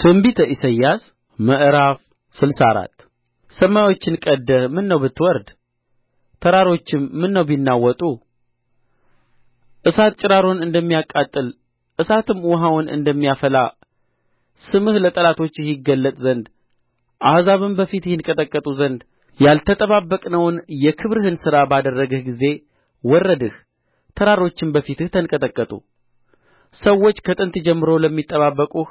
ትንቢተ ኢሳይያስ ምዕራፍ ስልሳ አራት ሰማዮችን ቀድደህ ምነው ብትወርድ ተራሮችም ምነው ቢናወጡ እሳት ጭራሮን እንደሚያቃጥል እሳትም ውኃውን እንደሚያፈላ ስምህ ለጠላቶችህ ይገለጥ ዘንድ አሕዛብም በፊትህ ይንቀጠቀጡ ዘንድ ያልተጠባበቅነውን የክብርህን ሥራ ባደረግህ ጊዜ ወረድህ፣ ተራሮችም በፊትህ ተንቀጠቀጡ። ሰዎች ከጥንት ጀምሮ ለሚጠባበቁህ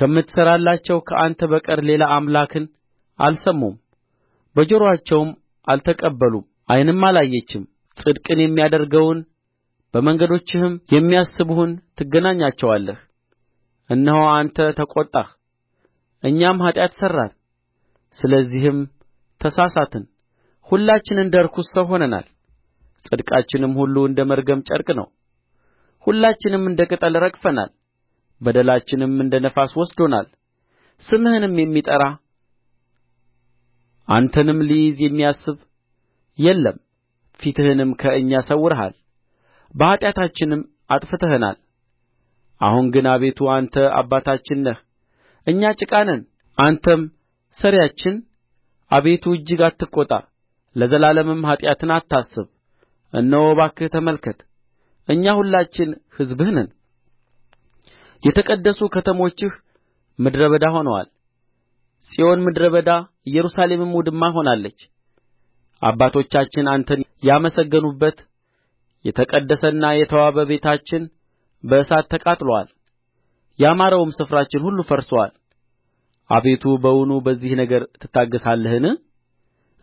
ከምትሠራላቸው ከአንተ በቀር ሌላ አምላክን አልሰሙም በጆሮአቸውም አልተቀበሉም ዓይንም አላየችም ጽድቅን የሚያደርገውን በመንገዶችህም የሚያስቡህን ትገናኛቸዋለህ እነሆ አንተ ተቈጣህ እኛም ኃጢአት ሠራን ስለዚህም ተሳሳትን ሁላችን እንደ ርኩስ ሰው ሆነናል ጽድቃችንም ሁሉ እንደ መርገም ጨርቅ ነው ሁላችንም እንደ ቅጠል ረግፈናል በደላችንም እንደ ነፋስ ወስዶናል ስምህንም የሚጠራ አንተንም ሊይዝ የሚያስብ የለም ፊትህንም ከእኛ ሰውረሃል በኃጢአታችንም አጥፍተኸናል አሁን ግን አቤቱ አንተ አባታችን ነህ እኛ ጭቃ ነን አንተም ሠሪያችን አቤቱ እጅግ አትቈጣ ለዘላለምም ኃጢአትን አታስብ እነሆ እባክህ ተመልከት እኛ ሁላችን ሕዝብህ ነን የተቀደሱ ከተሞችህ ምድረ በዳ ሆነዋል ጽዮን ምድረ በዳ ኢየሩሳሌምም ውድማ ሆናለች አባቶቻችን አንተን ያመሰገኑበት የተቀደሰና የተዋበ ቤታችን በእሳት ተቃጥሎአል ያማረውም ስፍራችን ሁሉ ፈርሶአል አቤቱ በውኑ በዚህ ነገር ትታገሣለህን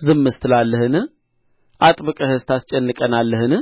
ዝምስ ትላለህን አጥብቀህስ ታስጨንቀናለህን